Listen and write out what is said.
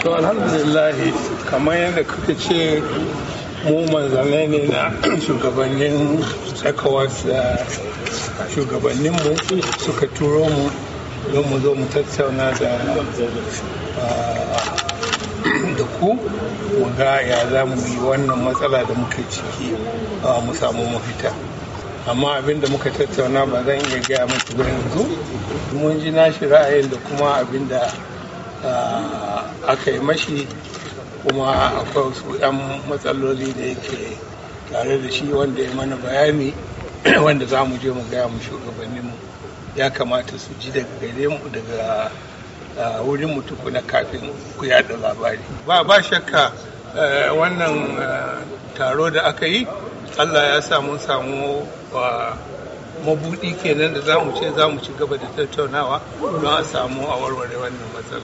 to alhamdulillah kamar yadda kuka ce mu manzane ne na shugabannin ecowas da shugabanninmu suka turo mu don mu zo mu tattauna da ah, da ku mu ga ya za mu yi wannan matsala da muka ciki ah, mu samu mafita amma abin da muka tattauna ba zan iya gaya muku ba yanzu mun ji nashi ra'ayin da kuma abin da Ah, aka yi mashi kuma akwai wasu 'yan matsaloli da yake tare da shi wanda ya mana bayani wanda za mu je mu gaya mu shugabanni mu ya kamata su ji daga gare mu daga ah, wurin mu tukuna kafin ku yada labari ba ba shakka eh, wannan eh, taro da aka yi allah ya sa mun samu ah, mabudi kenan da za mu ce za mu ci gaba da tattaunawa don a samu a warware wannan matsala